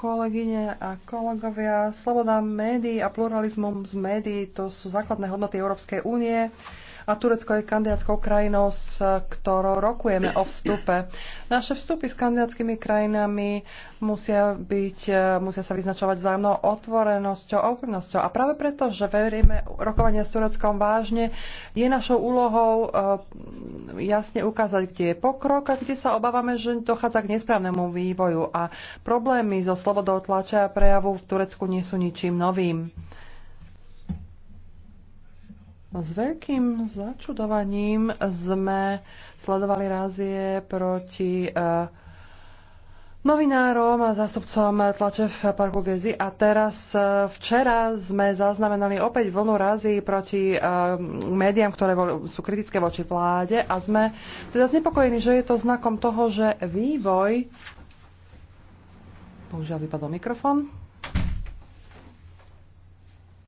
kolegyne a kolegovia. Sloboda médií a pluralizmom z médií to sú základné hodnoty Európskej únie a Turecko je kandidátskou krajinou, s ktorou rokujeme o vstupe. Naše vstupy s kandidátskymi krajinami musia, byť, e, musia sa vyznačovať vzájomnou otvorenosťou a A práve preto, že veríme rokovania s Tureckom vážne, je našou úlohou e, jasne ukázať, kde je pokrok a kde sa obávame, že dochádza k nesprávnemu vývoju a problémy so slobodou tlače a prejavu v Turecku nie sú ničím novým. S veľkým začudovaním sme sledovali razie proti uh, novinárom a zástupcom tlače v parku Gezi a teraz e, včera sme zaznamenali opäť vlnu razy proti uh, médiám, ktoré sú kritické voči vláde a sme teda znepokojení, že je to znakom toho, že vývoj... Bohužiaľ vypadol mikrofón.